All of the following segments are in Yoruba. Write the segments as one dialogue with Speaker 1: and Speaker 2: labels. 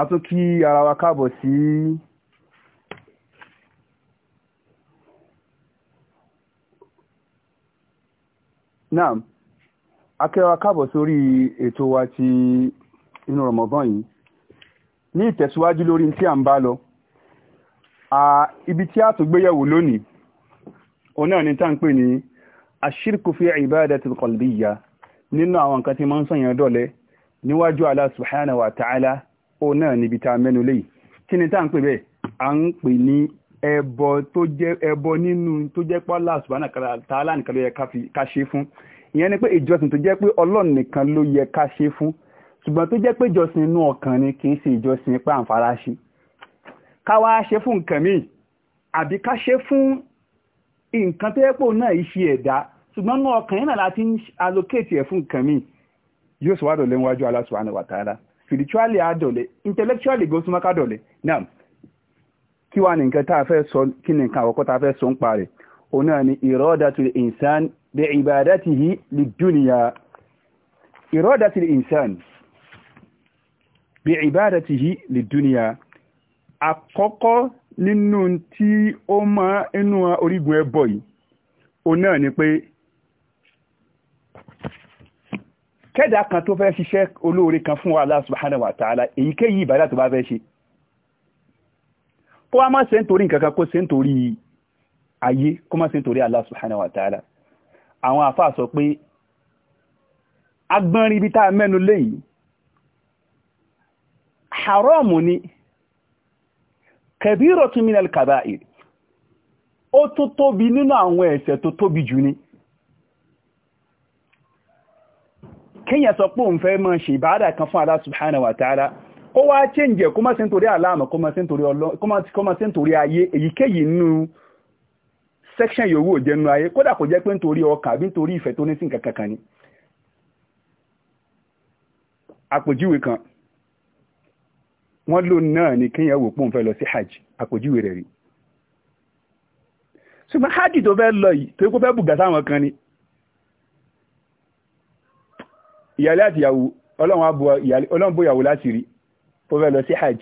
Speaker 1: a tún kí ara wa káàbọ̀ sí naam akẹ́wà káàbọ̀ sórí ètò wa ti inú Ramadan yìí ní ìtẹ̀síwájú lórí tí a ń bá lọ ibi tí a tó gbéyẹ̀wò lónìí òun náà ni tá ń pè ní ashirku fi ibadatil qalbiyya nínú àwọn nǹkan tí máa ń sọ̀yàn wa ta'ala òun náà níbi tá a mẹ́nu léyìí kí ni tá à ń pè bẹ́ẹ̀ à ń pè ní ẹbọ tó jẹ́ ẹbọ nínú tó jẹ́ pé Allah subhanahu ta'ala nìkan ló yẹ ká ṣe fún ìyẹn ni pé ìjọsìn tó jẹ́ pé Ọlọ́run nìkan ló yẹ ká ṣe fún ṣùgbọ́n tó jẹ́ pé ìjọsìn inú ọkàn ni kì í ṣe ìjọsìn pé àǹfààrà ṣe ká wá ṣe fún nǹkan míì àbí ká ṣe fún nǹkan tó yẹ pé òun náà yìí ṣe ẹ̀dá ṣùgbọ́n inú ọkàn yẹn náà láti allocate ẹ̀ fún nǹkan míì yóò sọ wá dọ̀lẹ́ níwájú Allah subhanahu wa spiritually adole, intellectually go súnmọ́ adole. now kí wá ní nǹkan tá a fẹ́ sọ kí ni nǹkan àkọ́kọ́ tá a fẹ́ sọ ń parẹ̀ òun náà ni ìrọ́dàtul insan bi ibadatihi lidunya ìrọ́dàtul insan bi ibadatihi lidunya àkọ́kọ́ nínú tí ó máa inú orígun ẹbọ yìí òun ni pé kẹ́dà kan tó fẹ́ ṣiṣẹ́ olóore kan fún Allah subhanahu wa ta'ala èyíkéyìí ìbádà tó bá fẹ́ ṣe kó wá má ṣe ń torí nǹkan kan kó ṣe ayé kó má ṣe ń torí àwọn àfáà sọ pé agbọ́nrin ibi tá mẹ́nu léyìí haramu ni kabiratun minal kaba'ir ó tó tóbi nínú àwọn ẹ̀ṣẹ̀ tó tóbi jù ni kíyàn sọ pé òun fẹ́ mọ́ ṣe ìbáadà kan fún Allah subhanahu wa ta'ala kó wá chẹ́ǹjẹ̀ kó má sí nítorí aláàmù kó má sí nítorí ayé èyíkéyìí nínú section yòówù òjẹ́nu ayé kódà kò jẹ́ pé nítorí ọkàn àbí nítorí ìfẹ́ tó ní sí nǹkan kankan ni àpòjúwe kan wọ́n lò náà ni kíyàn wò pé òun fẹ́ lọ sí hajj àpòjúwe rẹ̀ rí ṣùgbọ́n hajj tó fẹ́ lọ yìí tó kó fẹ́ bùgà sáwọn kan ni ìyálé àtìyàwó ọlọ́run bóyàwó láti rí ó fẹ́ lọ sí hajj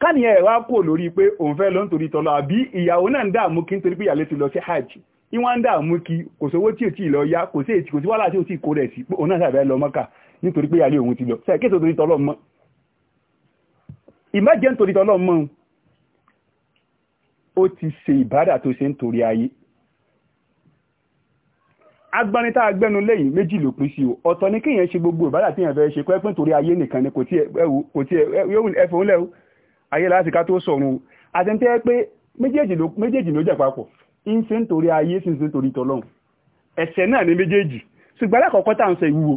Speaker 1: káníyàn ẹ̀ wá kò lórí pé òun fẹ́ lọ nítorí tọ́lọ àbí ìyàwó náà ń dààmú kí nítorí pé ìyàlẹ́ ti lọ sí hajj ìwọ́n ń dààmú kí kò sówó tí ò tí ì lọ yá kò sí èyí kò sí wàhálà tí ò tí kó rẹ̀ sí òun náà sàbẹ̀ lọ mọ́kà nítorí pé ìyàlẹ́ òun ti lọ sẹ́ẹ̀ kéèso tọ́lọ mọ́ ìmọ̀jẹ́ nítorí tọ́lọ mọ́ ó ti ṣe ìbádà tó ṣe nítorí ayé agbanita agbẹnu lẹ́yìn méjì ló pín sí o ọ̀tọ̀ ni kéèyàn ṣe gbogbo ìbádà tí èèyàn fẹ́ ṣe pẹ́ pín torí ayé nìkan ni kò tí ẹ ẹfọ ńlẹ o ayé láti ká tó sọ̀run o àtẹ̀ntẹ́ pé méjèèjì ló jẹ́ papọ̀ ń ṣe ń torí ayé sì ń ṣe ń torí tọlọ́run ẹ̀ṣẹ̀ náà ni méjèèjì ṣùgbọ́n alákọ̀ọ́kọ́ tá à ń sọ ìwúwo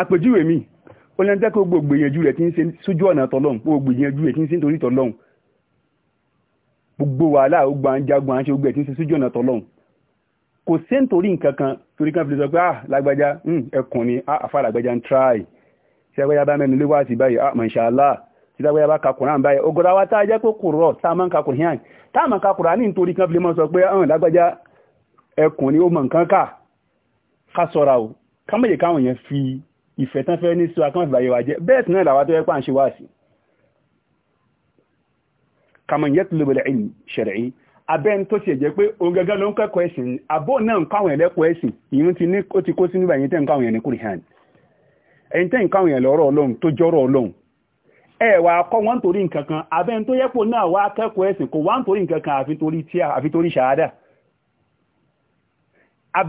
Speaker 1: àpèjúwe mi ó lẹ́ńtẹ́ kó gbogbo ìyẹn gbogbo wàhálà gbogbo à ń jagun à ń ṣe gbogbo ẹ̀ tí ń ṣe sójú ọ̀nà kò sí nǹkan kan torí kan fi sọ pé ah lágbájá hmm, ẹkùn ni ah àfa lágbájá ń try tí lágbájá bá mẹ́nu lé wá sí báyìí ah mọ̀ṣálá tí lágbájá bá ka Kùránì báyìí ọ̀gọ̀rọ̀ wa tá a jẹ́ pé kùrọ̀ tá a máa ń ka Kùránì tá a máa ń ka Kùránì nítorí kan fi lè mọ̀ sọ pé ah lágbájá ẹkùn ni ó mọ̀ nǹkan kà ká sọ̀ra o ká mọ̀ yẹ káwọn yẹn fi ìfẹ́ tán ní sí wa ká jẹ́ bẹ́ẹ̀ sì náà làwa tó yẹ pà wá sí i kaman yẹn tó lóbele ẹ̀yìn ṣẹ̀rẹ̀ abẹ́ni tó ṣe jẹ́ pé òun ló ń náà ń káwọn ti ní ó ti kó sínú ìbàyẹn tẹ́ ń káwọn yẹn ní kùrìhàn ẹ̀yìn tẹ́ ń káwọn yẹn lọ́rọ̀ ọlọ́run tó jọ́rọ̀ ọlọ́run ẹ wà kọ́ wọn torí nǹkan kan abẹ́ni tó náà kẹ́kọ̀ọ́ kò torí nǹkan kan àfi torí tẹ́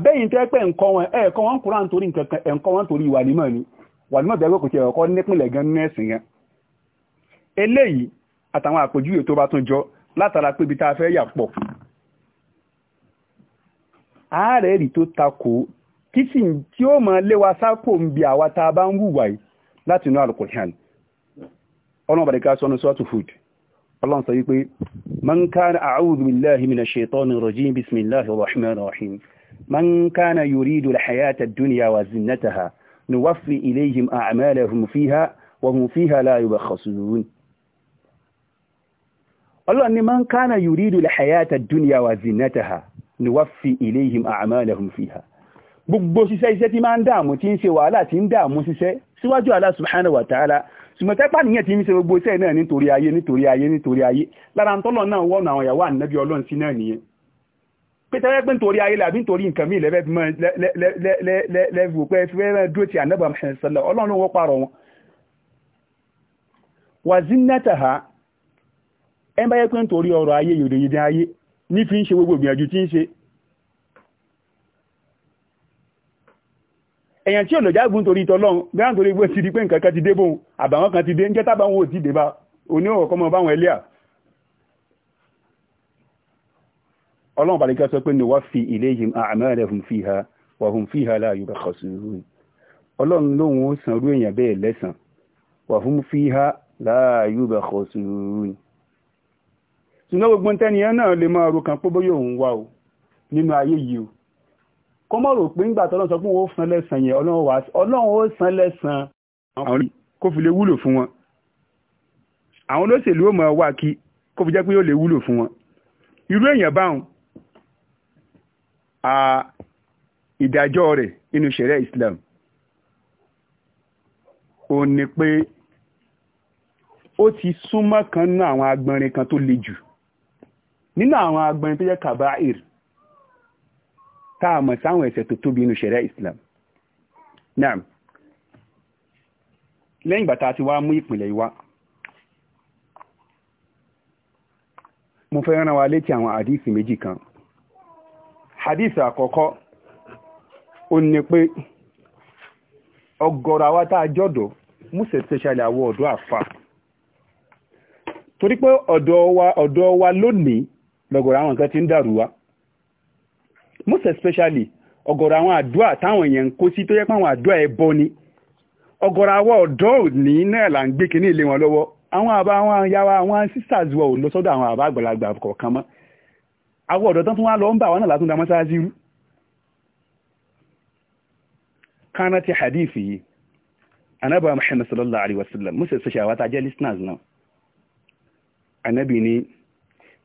Speaker 1: pẹ́ nǹkan wọn kọ́ kúrò àtàwọn àpèjúwe tó bá tún jọ látara pé ibi tá a fẹ́ yà pọ̀ ààrẹ rí tó takò kí sì tí ó máa léwa sápò ń bi àwa tá a bá ń wùwà yìí láti inú al ọlọ́run bàdé ká sọ́nu sọ́tù food ọlọ́run sọ wípé man kana a'udhu billahi minash shaitani rajim bismillahi rahman rahim man kana yuridu al-hayata ad-dunya wa zinataha nuwaffi ilayhim a'malahum fiha wa hum fiha la yubakhasun ọlọ́run ni man kana yuridu al-hayata ad-dunya wa zinataha nuwaffi ilayhim a'malahum fiha gbogbo ṣiṣẹ́ iṣẹ́ tí máa ń dààmú tí ń ṣe wàhálà tí ń dààmú ṣiṣẹ́ síwájú Allah subhanahu wa ta'ala sùmọ̀tẹ́pà nìyẹn tí ń ṣe gbogbo iṣẹ́ náà nítorí ayé nítorí ayé nítorí ayé lára tọ́lọ̀ ẹ bá yẹ pé nítorí ọrọ̀ ayé yòdè yìí ayé ní fi ń ṣe gbogbo ìgbìyànjú tí ń ṣe èèyàn tí olùjágun torí tọlọ́run gbẹ́ràn torí gbé ti di pé nǹkan kan ti dé bóun àbàwọn kan ti dé ń jẹ́ tábàwọn ò ti dé bá oníwọ̀ kọ́mọ báwọn ẹlẹ́à ọlọ́run balẹ̀kẹ́ sọ pé níwọ́ fi ilayhim a'malahum fiha wa hum fiha la yubkhasun ọlọ́run lóun ó san irú èèyàn bẹ́ẹ̀ lẹ́san wa hum fiha la yubkhasun ṣùgbọ́n gbogbo tẹ́niyàn náà lè máa rokan pé bóyá òun wà o nínú ayé yìí o kó mọ̀ rò pé ńgbà tọ́lọ́ sọ pé òun ó san lẹ́sàn yẹn ọlọ́run ó san lẹ́sàn àwọn kó fi lè wúlò fún wọn àwọn olóṣèlú ó máa wá kí kó fi jẹ́ pé ó lè wúlò fún wọn irú èèyàn báwọn ìdájọ́ rẹ̀ nínú ṣẹ̀rẹ́ Islam ó ní pé ó ti súnmọ́ kan náà àwọn agbọnrin kan tó le jù nínú àwọn agbọn tó jẹ́ kaba'ir tá a mọ̀ sáwọn ẹ̀ṣẹ̀ tó tóbi inú ṣẹ̀rẹ́ islam náà lẹ́yìn bàtà ti wá mú ìpìlẹ̀ ìwá mo fẹ́ rán wa létí àwọn hadith méjì kan hadith àkọ́kọ́ ó ní pé ọ̀gọ̀rọ̀ àwa tá a jọ́dọ̀ múṣẹ̀ especially àwọn ọ̀dọ́ àfà torí pé ọ̀dọ́ wa lónìí lọ́gọ̀rọ̀ awọn nǹkan ti ń dàrú wa most especially ọ̀gọ̀rọ̀ àwọn àdúrà táwọn èèyàn ń kó sí tó awọn pé àwọn àdúrà ni náà gbé ilé wọn lọwọ awọn aba awọn yawa awọn sisters wọ̀ ò lọ da rú kánà ti hadith yìí sallallahu wasallam musa ta listeners náà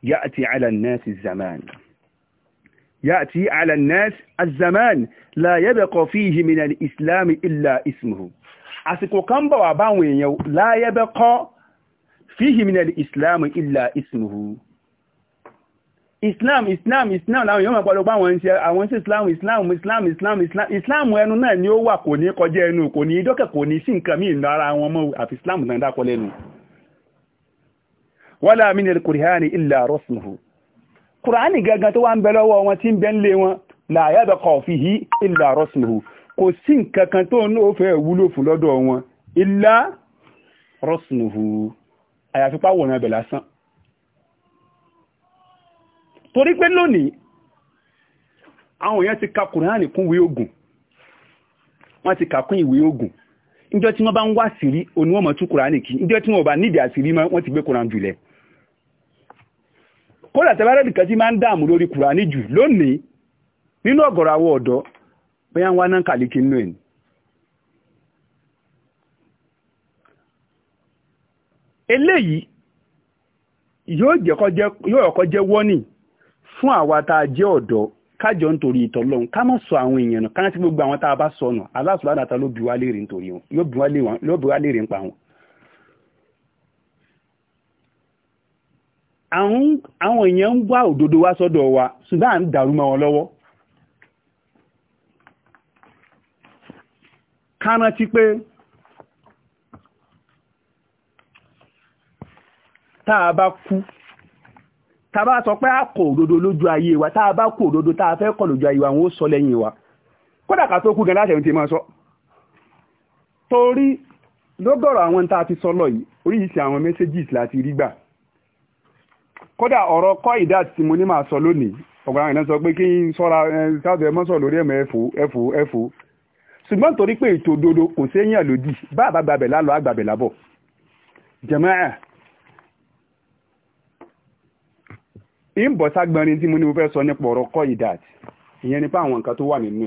Speaker 1: يأتي على الناس الزمان يأتي على الناس الزمان لا يبقى فيه من الإسلام إلا اسمه àsìkò kan bọ̀ لا يبقى فيه من الإسلام إلا اسمه islam islam islam láwọn èèyàn máa pọ̀lọpọ̀ àwọn ìṣẹ́ àwọn ìṣẹ́ islam islam islam islam islam islam ẹnu náà ni ó wà kò ní kọjá ẹnu kò ní dọ́kẹ̀ kò ní sí nǹkan míì lára wọn mọ́ àfi islam náà dákọ lẹ́nu wala min al-Qur'ani illa rasmuhu kùránì gangan tó wá ń bẹ lọ́wọ́ wọn tí ń bẹ ń lé wọn la yabqa fihi illa rasmuhu kò sí nǹkan kan tó ń fẹ́ wúlò fún lọ́dọ̀ wọn illa rasmuhu àyàfi páwọ̀n ẹbẹ̀ lásán torí pé lónìí àwọn èèyàn ti ka kùránì kún ìwé ogun wọ́n ti kà kún ìwé ogun níjọ́ tí wọ́n bá ń wá sírí oníwọ̀n mọ̀ tún kùránì kí níjọ́ tí wọ́n bá nídìí àsírí wọ́n ti gbé kùránì jùlẹ̀ kódà tẹ́bárẹ́ nìkan tí máa ń dààmú lórí kùránì jù lónìí nínú ọ̀gọ̀rọ̀ àwọn ọ̀dọ́ bóyá ń wá náà kàlíkì nínú ẹ̀ ni. eléyìí yóò ọkọ jẹ́ wọ́nì fún àwa tá a jẹ́ ọ̀dọ́ kájọ nítorí ìtọ́lọ́hún ká má sọ àwọn èèyàn náà ká rántí gbogbo àwọn tá a bá sọnù aláṣọ àdàtà ló bí wá léèrè nítorí wọn yóò bí wá léèrè nípa wọn. àwọn èèyàn ń wá òdodo wá sọ́dọ̀ wa ṣùgbọ́n à ń dàrú mọ́ wọn lọ́wọ́ ká ti pé bá kú sọ pé a kọ òdodo lójú ayé wa tá bá òdodo tá fẹ́ kọ lójú ayé wa wọ́n sọ lẹ́yìn wa kódà tó kú gan láti torí àwọn ti sọ lọ yìí àwọn láti rí kódà ọ̀rọ̀ kọ́ ìdá tí mo ní máa sọ lónìí ọ̀gbọ̀n àwọn ènìyàn sọ pé kí n sọ́ra sáàbẹ̀ mọ́sọ̀ lórí ẹ̀mọ́ ẹ̀fọ́ ẹ̀fọ́ ẹ̀fọ́ ṣùgbọ́n torí pé ètò òdodo kò sí èèyàn lòdì bá àbá gbàbẹ̀ lálọ́ àgbàbẹ̀ lábọ̀ jàmáà ìbọ̀ságbọ́nrin tí mo ní mo fẹ́ sọ nípa ọ̀rọ̀ kọ́ ìdá ìyẹn nípa àwọn nǹkan tó wà nínú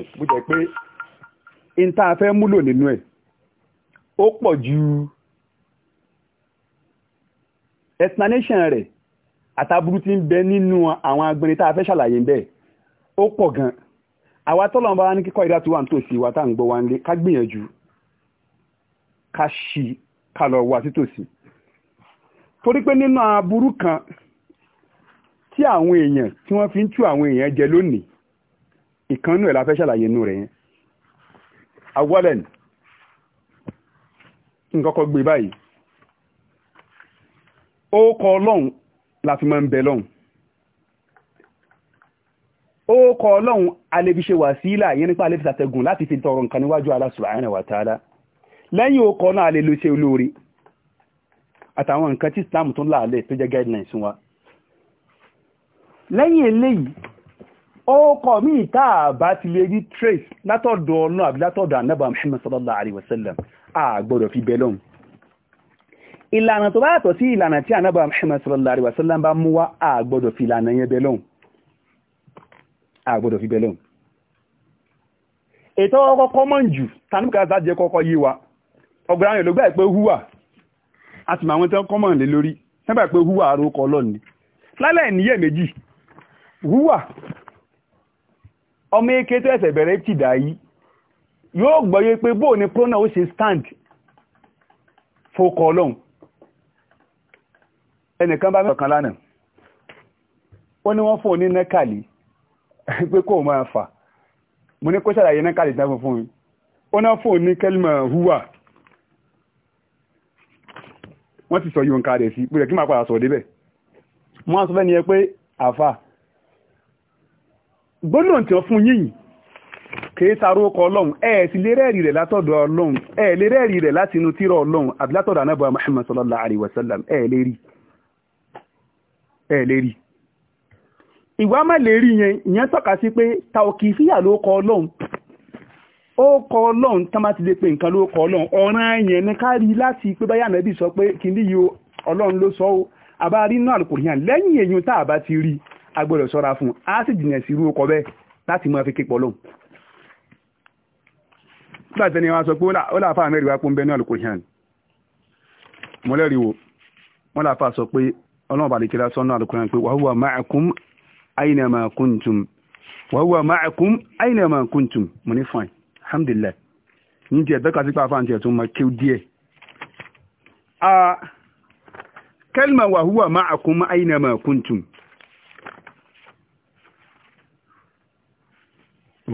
Speaker 1: ẹ̀ bó explanation rẹ̀ àtàbúrú tí ń bẹ nínú àwọn agbẹni tá a fẹ́ ṣàlàyé ń bẹ̀ ó pọ̀ gan àwa tọ́lọ̀ bá ní kíkọ́ ìdá tó wà nítòsí wa tá à ń gbọ́ wa ń lé ká gbìyànjú ká ṣì ká lọ wá sítòsí torí pé nínú aburú kan tí àwọn èèyàn tí wọ́n fi ń tú àwọn èèyàn jẹ lónìí ìkànnù ẹ̀ la fẹ́ ṣàlàyé inú rẹ̀ yẹn awọ́lẹ̀n nǹkan kan gbé báyìí ó kọ ọlọ́run la fi máa ń bẹ lọ́hùn ó kọ ọlọ́hun alebiṣe wàsílà yẹn nípa alebi sàtẹ̀gùn láti fi tọrọ nǹkan níwájú Allah subhanahu wa ta'ala lẹ́yìn ó kọ náà aleluṣe olóore àtàwọn nǹkan tí Islam tún láàlẹ̀ tó jẹ́ guidelines wa lẹ́yìn eléyìí ọkọ̀ míì táà bá ti lè rí trace látọ̀dọ̀ ọ̀nà àbí látọ̀dọ̀ ànábà Muhammad sallallahu alaihi wasallam a gbọ́dọ̀ fi bẹ́lọ́hùn ìlànà tó bá yàtọ̀ sí ìlànà tí ànábà Muhammad sallallahu alaihi wasallam bá mú wá a gbọ́dọ̀ fi ìlànà yẹn bẹ̀lọ́hùn a gbọ́dọ̀ fi bẹ̀lọ́hùn ètò ọkọ̀ kọ́mọ̀n jù tanúkàtà jẹ́ kọ́kọ́ yí wa ọgbẹ̀rẹ̀ àwọn olùgbà ìpé húwà a sì máa wọn tán kọ́mọ̀n lé lórí nígbà pé húwà arókọ lọ́ni lálẹ́ ọlọ́run ẹnìkan bá mẹ́kàn lánàá ó ní wọ́n fún òní nẹ́kàlì pé kó máa fà mo ní kó ṣàlàyé nẹ́kàlì tán fún mi ó náà fún òní kẹ́lìmọ̀ húwà wọ́n ti sọ yóò ń ka rẹ̀ sí pé kí máa padà sọ̀rọ̀ débẹ̀ mo á sọ fẹ́ ni ẹ pé àfà gbóná tí wọ́n fún yíyìn kìí sáró ọkọ̀ ọlọ́run ẹ̀ sì lè rẹ́ẹ̀rì rẹ̀ látọ̀dọ̀ ọlọ́run ẹ̀ lè rẹ́ẹ̀rì rẹ̀ láti inú tírà ọlọ́run àbí látọ̀dọ̀ anábọ̀ Muhammad sallallahu alaihi wasallam ẹ̀ lè rí i e lérí ìwà má lérí yẹn ìyẹn tọ́ka sí pé tàòkìfíyà ló kọ ọlọ́run ó kọ ọlọ́run tán bá ti lè pe nǹkan ló kọ ọlọ́run ọ̀ràn yẹn ni ká rí láti pé báyà nàbì sọ pé kìíní yìí ọlọ́run ló sọ ó àbá rí náà al lẹ́yìn tá a bá ti rí a gbọ́dọ̀ sọ́ra fún un á sì jìnà sí irú ọkọ̀ bẹ́ẹ̀ láti fi lọ́hùn. nígbà tí ẹni wa sọ pé ó wa pọ́ńbẹ́ náà mọ́lẹ́rìí wo wọ́n sọ pé ọlọ́run bàdé kíra sọ́nà àlùkùnrin pé wàhùwà ma'akum aynama kuntum wàhùwà ma'akum aynama kuntum mo ní fine alhamdulillah ní tiẹ̀ bẹ́ẹ̀ kàtí pàápàá tiẹ̀ tó máa kéw díẹ̀. kẹ́lìmà wàhùwà ma'akum aynama kuntum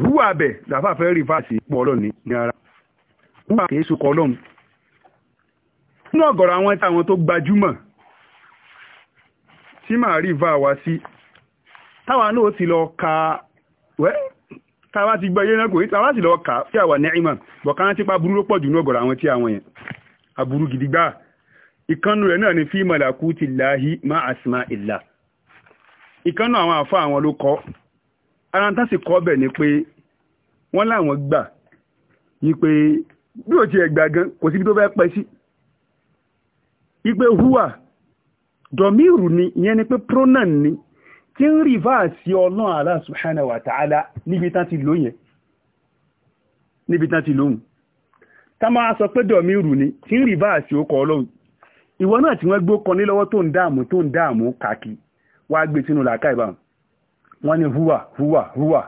Speaker 1: huwa abẹ làfà fẹ́ rí fásì pọ̀ ọ̀rọ̀ ní ara huwa kìí sọkọ ọlọ́run nínú ọ̀gọ̀rọ̀ àwọn táwọn tó gbajúmọ̀ tí màá rí va wá sí táwa náà ti lọ ka wẹ́ táwa ti gbọ́ yẹn náà kò rí táwa sì lọ kà sí àwa ní ìmọ̀ bọ̀ pa aburú pọ̀ jù ní àwọn tí àwọn yẹn aburú gidi gbáà ìkànnù rẹ̀ náà ni fi mọ̀làkú ti láhí má àsìmá ìlà ìkànnù àwọn àfa àwọn ló kọ́ ara tán sì kọ́ bẹ̀ ni pé wọ́n láwọn gbà ní pé bí ò ti ẹ̀ gbà gan kò síbi tó fẹ́ pẹ́ sí ipe húwà dọ̀míìrù ni ìyẹn ni pé pronoun ni tí ń rí vá sí ọlọ́run Allah subhanahu wa níbi tán ti lóyìn níbi máa sọ pé dọ̀míìrù ni tí ń rí vá sí ọkọ̀ ọlọ́run ìwọ náà tí wọ́n gbó kan ní lọ́wọ́ tó ń dààmú tó ń dààmú kàkí wá gbé sínú làákà ìbámu wọ́n ní húwà húwà húwà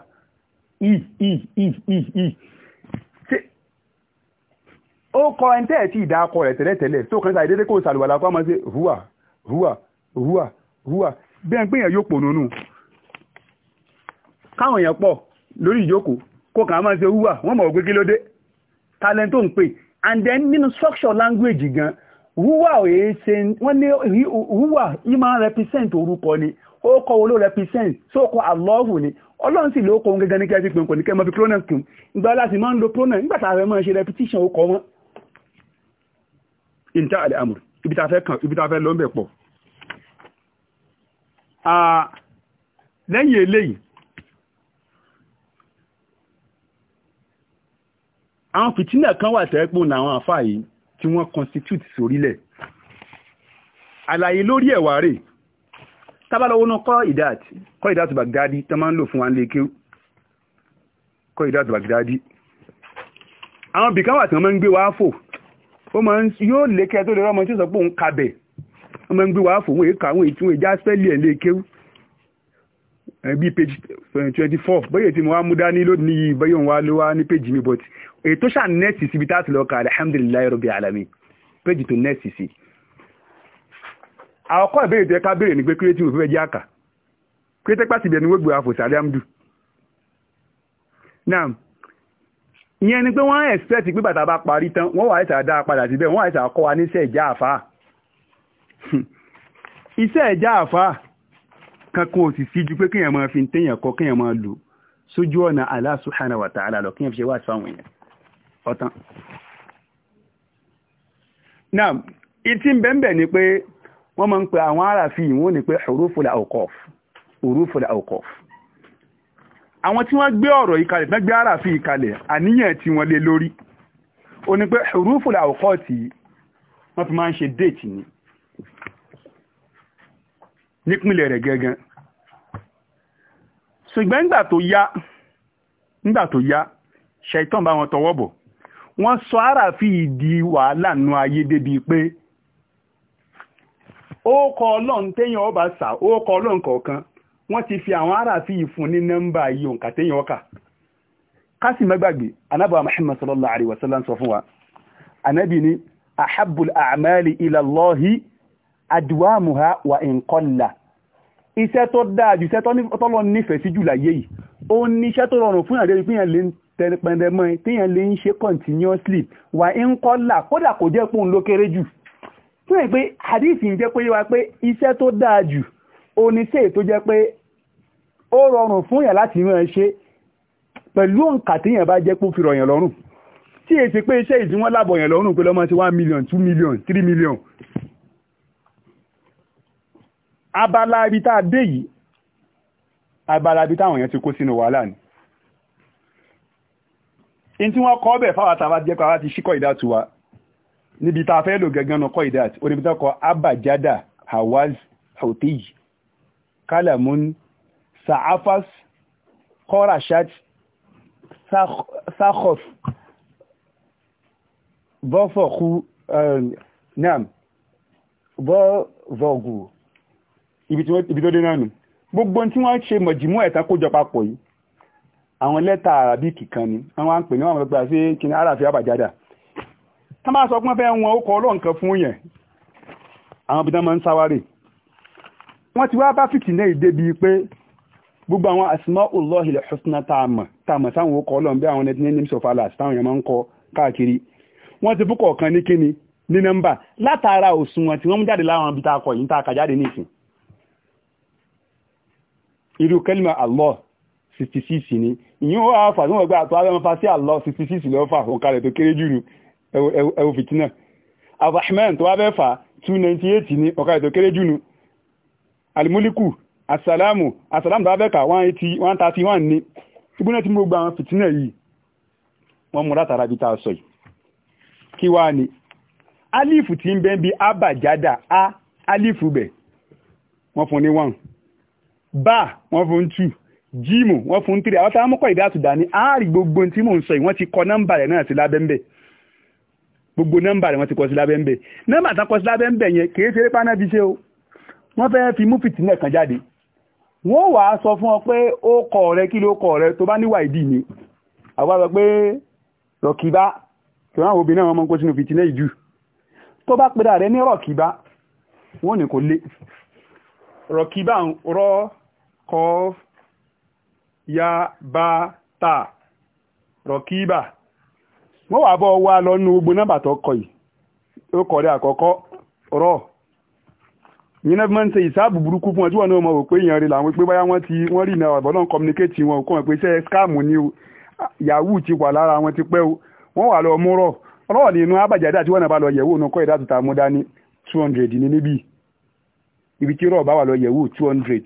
Speaker 1: ì ì ì ì ì ó kọ ẹni tẹ́ẹ̀ tí ìdá akọ rẹ̀ tẹ́lẹ̀tẹ́lẹ̀ tó kàn sáà ìdédé kò sàlùwàlà kó a máa ṣe húwà húwà húwà húwà bí ẹn pé èèyàn yóò pò nínú káwọn èèyàn pọ̀ lórí ìjókòó kó kàn á máa ṣe húwà wọ́n mọ̀ pé kí ló dé talent tó ń pè and then nínú structure language gan húwà òye ṣe wọ́n ní húwà yìí máa represent orúkọ ni ó kọ wo ló represent so kọ àlọ́hù ni ọlọ́run sì ló kọ ohun gẹ́gẹ́ ní kẹ́ẹ́ sí pé kò ní kẹ́ẹ́ mọ́ fi pronoun kùn ìgbà láti máa ń lo pronoun nígbà tá a fẹ́ máa ṣe repetition ó kọ wọn. ìntà àlẹ́ àmùr ibi tá a fẹ́ lọ́ńbẹ̀ pọ̀ lẹ́yìn eléyìí àwọn fìtínà kan wà tẹ́ẹ̀pọ̀ làwọn àfáà yìí tí wọ́n constitute sórílẹ̀ àlàyé lórí ẹ̀wà rẹ̀ tábàlọ́wọ́ náà kọ́ ìdáàt kọ́ ìdáàt bàgdádì tó máa ń lò fún wa lékè kọ́ ìdáàt bàgdádì àwọn bìkan wà tí wọ́n máa ń gbé wá fò ó máa ń yóò lékè tó lè rọ́mọ tí ó sọ pé òun kabẹ̀ ọmọ ń gbé wàá fòun èyí kà àwọn ìtún ìjà sẹ́lì ẹ̀ lè kéwú bíi page eh, twenty four bóyá tí mo wá mú dání lónìí yìí bóyá òun wá ló wá ní page mi but èyí tó ṣàn nẹ́ẹ̀sì síbi tá a ti lọ kà alhamdulilayi rabbi alamin page tó nẹ́ẹ̀sì sí. àkọ́kọ́ ìbéèrè tó yẹ ká béèrè ni pé kírètì mo fẹ́ jẹ́ àkà kírètì pàṣẹ ìbẹ̀ni wọ́n gbé wa fòsì alihamudu. now ìyẹn ni pé wọ́n á expect pé bàtà bá parí tán wọ́n wà á ṣàdá padà síbẹ̀ wọ́n á ṣàkọ́ wa níṣẹ́ ìjà àfáà iṣẹ́ ẹ̀já àfa kankan ò sì sí ju pé kéèyàn máa fi téèyàn kọ kéèyàn máa lò sójú ọ̀nà Allah subhanahu wa ta'ala lọ kéèyàn fi ṣe wá sáwọn èèyàn ọ̀tán. Na ìtì ń bẹ́ẹ̀ ni pé wọ́n máa ń pe àwọn aráàfin fi wọ́n ní pé huruful awqaf huruful awqaf àwọn tí wọ́n gbé ọ̀rọ̀ ìkalẹ̀ tán gbé aráàfin ìkalẹ̀ àníyàn tí wọ́n lé lórí pé tí wọ́n fi máa ń ṣe déètì ni nípínlẹ̀ rẹ̀ gẹ́gẹ́ ṣùgbọ́n nígbà tó yá nígbà tó yá ṣèitán bá wọn tọwọ́ bọ̀ wọ́n sọ àràfin ìdí wàhálà nu ayé débi pé ó kọ ọlọ́run téèyàn ọba sà ó kọ ọlọ́run kọ̀ọ̀kan wọ́n ti fi àwọn àràfin ìfún ní nọ́mbà yìí òǹkà téèyàn ọkà kásì mẹ́gbàgbé sọ fún ní a'mali ila àdùwàmùhá wà ìǹkọ́là iṣẹ́ tó dáa jù iṣẹ́ tọ́lọ nífẹ̀ẹ́ sí jùlọ ayé yìí ó ní iṣẹ́ tó rọrùn fún ìrìnàjò ìpínyàn lè ń tẹnipẹndẹmọ téèyàn lè ń ṣe continuously wà ìǹkọ́là kódà kò jẹ́ pòun ló kéré jù fún ìpè hadith ń jẹ́ pé wá pé iṣẹ́ tó dáa jù oníṣẹ́ tó jẹ́ pé ó rọrùn fún yàn láti ràn ṣe pẹ̀lú òǹkà téèyàn bá jẹ́ pé ó fi rọ̀yàn lọ́rùn tí èsì pé iṣẹ́ ìdíwọ́n lábọ̀ yàn lọ́rùn pé lọ́mọ sí one million two million three million abala ibi tá a dé yìí abala ibi táwọn èèyàn ti kó sínú wàhálà ni in tí wọ́n kọ́ bẹ̀ fáwọn tàbá jẹ́ pàwá ti ṣíkọ́ ìdá tiwa níbi tá a fẹ́ lò gẹ́gẹ́ náà kọ́ ìdá àti oníbitá kọ abajada hawaz hauteyi kalamun sa'afas kọ́rashat sakhof bọ́fọ̀kú nam bọ́vọ̀gù ibi tó dé náà nù gbogbo tí wọ́n ṣe mọ̀jìmọ́ ẹ̀ta kójọ papọ̀ yìí àwọn lẹ́tà arabic kan ni wọ́n wá ń pè ní àwọn ọmọdé pé kí ni arafi abajada tá máa sọ pé fẹ́ wọn ó kọ ọlọ́nkan fún yẹn àwọn ibi tán máa ń sáwárì wọ́n ti wá bá fìtì náà débi pé gbogbo àwọn asma'ullahi al-husna táàmà táàmà táwọn ó kọ ọlọ́run bí àwọn ẹni tí wọ́n mú irú kẹ́lìmà Allah 66 ni ìyún ó àfà tí wọ́n gbà àtọ́ alẹ́ wọn fa sí Allah 66 lọ́wọ́ fà òǹkà rẹ̀ tó kéré jù nù ẹwọ fìtínà Ar-Rahman tó wá bẹ́ẹ̀ fà 298 ni òǹkà rẹ̀ tó kéré jù nù al Asalamu Asalamu tó wá bẹ́ẹ̀ kà 131 ni ìgbóná tí mo gba àwọn fìtínà yìí wọ́n mú látara bí tá a sọ yìí kí wá ni alifu ti ń bẹ́ bí abàjádà a alifu bẹ̀ wọ́n fún ní 1 bá wọ́n fún two jíìmù wọ́n fún three àwọn táwọn mọ́kọ̀ ìdáàtú dání áàrì gbogbo tí mò ń sọ yìí wọ́n ti kọ nọ́mbà rẹ̀ náà sí lábẹ́ńbẹ́ gbogbo nọ́mbà rẹ̀ wọ́n ti kọ sí lábẹ́ńbẹ́ nọ́mbà tán kọ sí lábẹ́ńbẹ́ yẹn kì í ṣe pánà fi ṣe o wọ́n fẹ́ fi mú fìtínẹ̀ kan jáde wọ́n wàá sọ fún ọ pé ó kọ rẹ kí ló kọ rẹ tó bá níwà ìdí ni àwọn àgbà pé rọ̀kìbá tí wọ́n àwọn obìnrin náà wọ́n mọ́ kó sínú fìtínẹ̀ ìjù tó bá pera rẹ ní rọ̀kíbà ń rọ́ ya bá ta rọ̀kíbà wọ́n wà bọ́ wá lọ́nu gbogbo nọ́mbà tó kọ yìí ó kọ̀ọ̀rẹ́ àkọ́kọ́ rọ̀ yìí náà máa ń ṣe ìsáàbù burúkú fún ọjọ́ náà mọ̀ wò pé èèyàn rí làwọn pé báyá wọ́n ti wọ́n rí ìnáwó àbọ̀ náà communicate wọn kó wọn pé iṣẹ́ scam ni yahoo ti wà lára wọn ti pẹ́ o wọ́n wà lọ mú rọ̀ rọ̀ nínú abàjáde àti wọ́n náà bá lọ yẹ̀wò náà kọ́ ìdá tuntun àmúdání two hundred ní níbí ibi tí rọ̀ bá wà lọ yẹ̀wò two hundred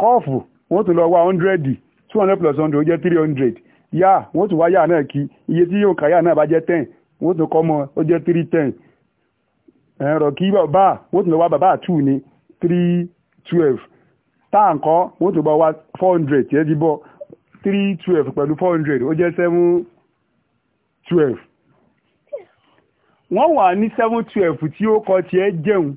Speaker 1: kọ́ọ̀fù wọ́n tún lọ wá hundred two hundred plus hundred ó jẹ́ three hundred yá wọ́n tún wá yá náà kí iye tí yóò kà yá náà bá jẹ́ ten wọ́n tún kọ́ mọ́ ó jẹ́ three ten ẹ̀rọ kí bàbá wọ́n tún lọ wá bàbá two ni three twelve táǹkọ́ wọ́n tún bá wá four hundred tiẹ́ ti bọ́ three twelve pẹ̀lú four hundred ó jẹ́ seven twelve wọ́n wà ní seven twelve tí ó kọ tiẹ̀ jẹun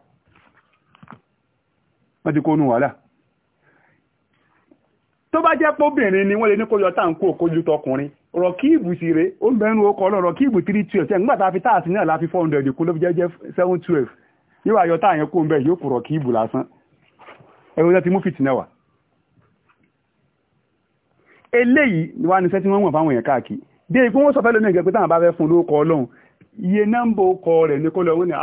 Speaker 1: wọ́n ti kó nu wàhálà tó bá jẹ́ pọ́bìnrin ni wọ́n lè ní kó yọ táǹkù òkójú tọkùnrin rọ̀kíìbù sí rẹ̀ ó ń bẹ̀rù ọkọ̀ ọ̀rọ̀ rọ̀kíìbù three twelve ṣe nígbà tá a fi táàsì náà láfi four hundred kú ló fi jẹ́ seven twelve yóò wá yọ táàyàn kó ń bẹ̀ yóò kú rọ̀kíìbù lásán ẹ̀rọ ti mú fìtínà wá. eléyìí wá ní sẹ́tí wọ́n wọ̀n fáwọn èèyàn káàkiri dé ipò wọn sọ fẹ́ lónìí ìgbẹ́ pé táwọn bá fẹ́ fún lóko ọlọ́run iye na ọkọ̀ rẹ̀ ní kó lọ wọ́n ní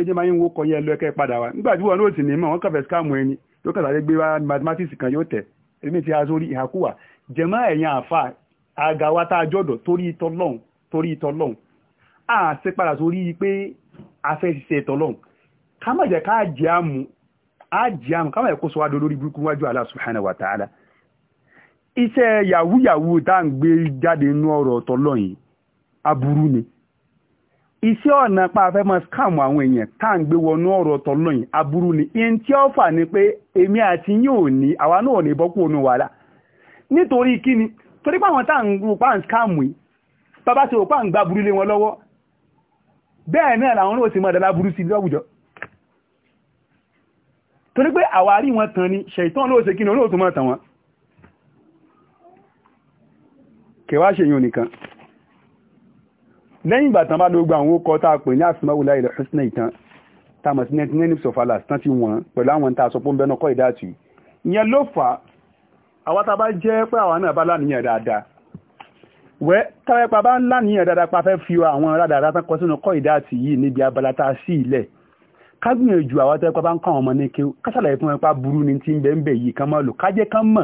Speaker 1: ẹjẹ́ máa ń wó kọ yẹ lọ ẹ̀kẹ́ padà wá nígbà tí wọn náà sì ní mọ̀ wọ́n kàfẹ́ scam ẹni tó kàtà lé gbé mathematics kan yóò tẹ̀ èmi ti aṣọ orí ìhàkúwà jẹ̀mọ́ àfa tá a jọ̀dọ̀ torí itọ́ lọ́hùn torí itọ́ lọ́hùn à ṣe padà sórí pé iṣẹ́ ọ̀nà pa afẹ́ mọ́ scam àwọn èèyàn tá à ń gbé wọnú ọ̀rọ̀ tọ́lọ́yìn aburú ni ihun tí ó fà ní pé èmi àti yín ò ní àwa náà ò ní bọ́ kúrò ní wàhálà nítorí kí ni torí pé àwọn tá à ń rò pa à ń scam yìí bàbá ti rò pa à ń gba aburú lé wọn lọ́wọ́ bẹ́ẹ̀ náà làwọn náà ò sì mọ̀ dáadáa aburú sí láwùjọ torí pé àwárí wọn tán ni ṣèitán ló ṣe kí ni olóòtú mọ̀ tàn wọn kẹwàá ṣèyàn nìkan lẹ́yìn ìgbà tán bá ló gba àwọn okọ̀ tá a pè ní àsìmáwòlá ilẹ̀ husna ìtàn táàmù sí nineteen ninety of alas tán ti wọ̀n pẹ̀lú àwọn tá a sọ pé ń bẹ́ẹ̀ nọkọ́ ìdáàtì ìyẹn ló fà á àwa tá a bá jẹ́ pé àwa náà bá láníyàn dáadáa wẹ́ táwọn ẹ̀pà bá ń láníyàn dáadáa pa fẹ́ fi àwọn rádàrá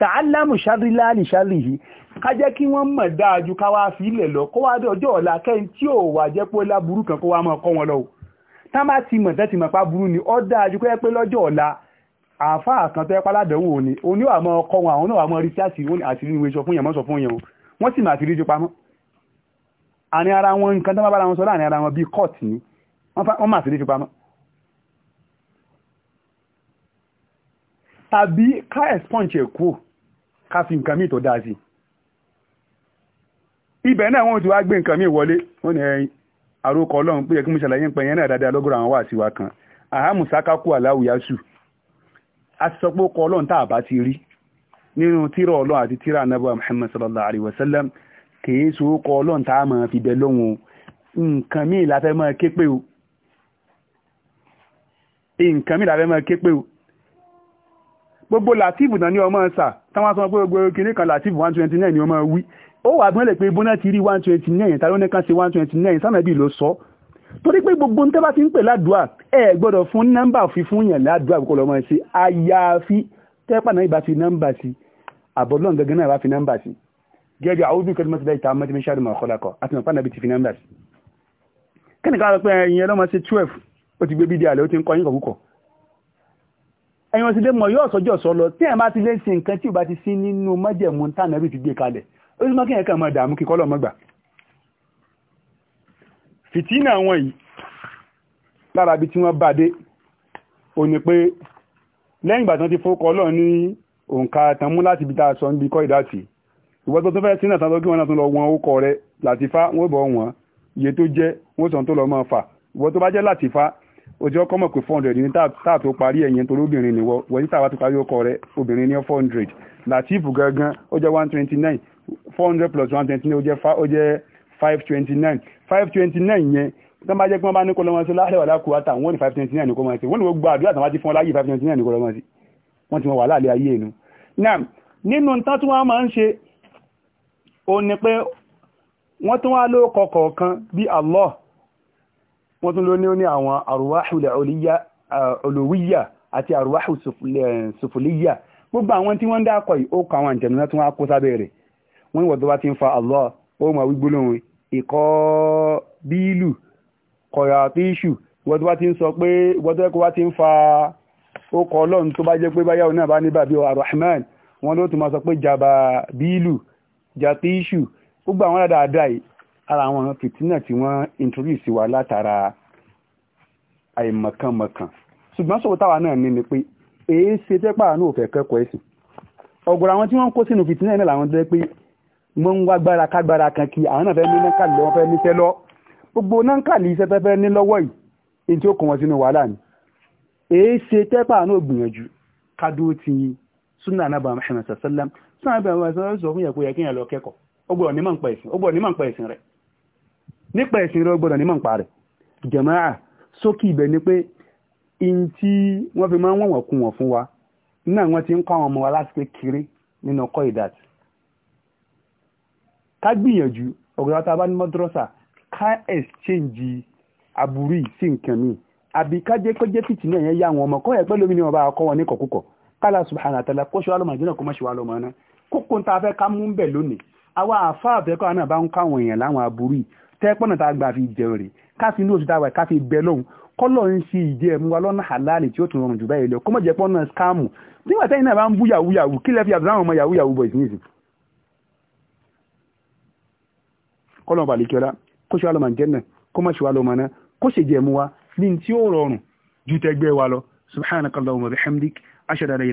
Speaker 1: tààlámù ṣárílá lè ṣárí yìí ká jẹ́ kí wọ́n mọ̀ dáájú ká wá fi ilẹ̀ lọ kó wá dé ọjọ́ ọ̀la kẹ́yìn tí ò wà jẹ́ pé láburú kan kó wá mọ̀ kọ́ wọn lọ tá má ti mọ̀ tẹ́tì mọ̀pá burú ni ó dáájú kó yẹ pé lọ́jọ́ ọ̀la àáfàá kan tó yẹ pé aládàáwò ni òní wà mọ́ ọkọ wọn àwọn náà wà mọ́ rí sí àṣírí ìwé sọ fún yẹn mọ́ sọ fún yẹn wọ́n sì mà àṣírí ju pamọ́ àní ara wọn nǹkan tó bá bára wọn sọ láàrin ara wọn bíi kọ́ọ̀tì ni wọ́n mà àṣírí ju pamọ́ tàbí ká ẹ̀spọ́ǹchì ẹ̀kú ká fi nǹkan míì tó dáa sí ibẹ̀ náà wọ́n ti wá gbé nǹkan míì wọlé wọ́n ní ẹyin àròkọ ọlọ́run pé yẹ kí mo ṣàlàyé ń yẹn náà dáadáa lọ́gọ́rọ̀ àwọn wàásù wa kan ahamu sakaku aláwùyásù a ti sọ pé ó kọ ọlọ́run tá a bá ti rí nínú tírà ọlọ́run àti tírà anábọ̀ muhammad sallallahu alayhi wa sallam kìí so ó kọ ọlọ́run tá a máa fi bẹ lóhùn o nǹkan míì la máa ké pé o nǹkan míì la máa ké pé o gbogbo latif náà ni ọmọ sà táwọn sọ pé gbogbo kinní kan latif one twenty nine ni ọmọ wí ó wà gbọ́n lè pé bóná ti rí one twenty nine tàbí ọ̀nà kan ṣe one twenty nine sànàbí ló sọ torí pé gbogbo ní tẹ́bá ti ń pè ládùúà ẹ gbọ́dọ̀ fún nọ́mbà fífún yẹn ládùúà kó lọ́mọ ṣe àyàfi tẹ́pà náà ìbá fi nọ́mbà sí àbọ̀lọ́n gẹ́gẹ́ náà ìbá fi nọ́mbà sí gẹ́gẹ́ àwọn obìnrin kẹ́lẹ́mọ́tì láì ta mọ́tì mẹ́ṣáàrì mọ̀ ọ̀kọ́lákọ̀ àti mọ̀pá náà bí ti fi nọ́mbà sí. kẹ́nìkan twelve ó ti gbé bídí àlẹ́ ó ti ẹ̀yin wọn ti lé mọ̀ yóò sọ́jọ́ sọ lọ tí ẹ̀ bá ti lé sí nǹkan tí ò bá ti sí nínú májẹ̀mú tánàbí ti gbé kalẹ̀ ó sì mọ́ kí ẹ̀kan máa dààmú kíkọ́ lọ́mọ gbà fìtínà wọn yìí lára bí tí wọ́n bá dé ò ní pé lẹ́yìn ìgbà tí wọ́n ti fọ́kọ́ ọlọ́run ní òǹkà tàmú láti ibi tá a sọ níbi kọ́ ìdáàtì ìwọ́n tó tó fẹ́ sínú àtàwọn kí wọ́n náà lọ wọn ókọ rẹ láti fá wọ́n bọ̀ wọ́n iye tó jẹ́ wọ́n sàn tó lọ máa fà ìwọ́n tó bá jẹ́ láti fá ojú ọkọ mọ̀ pé four hundred ní táà tó parí ẹ̀yìn torí obìnrin ni wọ́n yíta wa tó parí ọkọ rẹ obìnrin ní four hundred latifu gangan ó jẹ́ one twenty plus 129 twenty nine ó jẹ́ five twenty nine five twenty nine yẹn tó bá jẹ́ pé wọ́n bá ní kó lọ́mọ sí láàrẹ̀ wà lákòó àtà wọ́n ní five twenty nine nìkan mọ̀ sí wọ́n ní gbogbo àdúrà tàwọn ti fún ọ láyé five twenty nine nìkan sí wọ́n ti wọn wà láàlẹ́ ayé ẹ̀nu. now nínú tán tí wọ́n máa ń ṣe ó ní pé wọ́n tún wá lóko kọ̀ọ̀kan bí Allah wọ́n tún ló ní ó ní àwọn àrùwáhùl olówíyà eh, àti àrùwáhùl sùfùlíyà eh, gbogbo àwọn tí wọ́n dákọ̀ yìí ó kọ àwọn àjẹ̀mí náà tí wọ́n á kó sábẹ́ rẹ̀ wọ́n ìwọ̀n tó bá ti ń fa Allah ó máa wí gbólóhùn ìkọ́ bílù kọ̀yàtíṣù ìwọ̀n tó bá ti ń sọ pé ìwọ̀n tó bá ti ń fa ó ọlọ́run tó bá jẹ́ pé báyà náà bá ní bàbí arahman wọ́n ló tún máa sọ pé jàbá bílù jàtíṣù gbogbo àwọn dáadáa yìí ara àwọn fìtínà tí wọ́n introduce wa látara àìmọ̀kànmọ̀kàn ṣùgbọ́n sọ̀rọ̀ táwa náà ní ni pé èé ṣe tẹ́pà àánú òfẹ́ kẹ́kọ̀ọ́ ẹ̀sìn ọ̀gọ̀rọ̀ àwọn tí wọ́n ń kó sínú fìtínà náà làwọn jẹ́ pé wọ́n ń wá gbára kágbára kan kí àwọn náà fẹ́ ní náǹkàlì lọ́wọ́ fẹ́ níṣẹ́ lọ gbogbo náǹkàlì iṣẹ́ fẹ́ fẹ́ ní lọ́wọ́ yìí Muhammad sallam súnà anábà Muhammad sallam sọ fún yẹ kó yẹ kéèyàn lọ kẹ́kọ̀ọ́ ó gbọ́dọ̀ ní mọ̀ ń pa ẹ̀sìn rẹ̀ nípa ẹ̀sìn rẹ̀ gbọ́dọ̀ nímọ̀ nípa rẹ̀ jẹ̀máà sókè ibẹ̀ ni pé in tí wọ́n fi máa ń wọ̀wọ̀ kún wọn fún wa náà wọ́n ti ń kọ́ àwọn ọmọ wa láti kiri nínú ọkọ̀ ìdàt ká gbìyànjú wa a bá ní mọ́dúrọ́sà ká ẹ̀ṣẹ́ǹjì aburú sí nǹkan àbí ká jẹ́ kó jẹ́ fìtì náà yẹn yá àwọn ọmọ kọ́ ẹ̀ pẹ́lú omi bá kọ́ wọn ní tẹ́pọ̀nà tá a gbà fi jẹun rè ká fi inú oṣù tá a wà ká fi bẹ lóhùn kọ́lọ̀ ń ṣe ìdí ẹ̀mú wa lọ́nà halali tí ó tún rọrùn jù báyìí lọ kọ́mọ̀ jẹ́ pọ́nà skáàmù nígbà tẹ́yìn náà bá ń bú yahoo yahoo kí lẹ́ fi àbúrò àwọn ọmọ yahoo yahoo boys ní ìsìn. kọ́lọ̀ balẹ̀ kí ọlá kó ṣe wá lọ́mọ jẹ́ náà kó má ṣe wá lọ́mọ náà kó ṣe jẹ́ ẹ̀mú wa ní tí ó rọrùn ju tẹ́gbẹ́ wa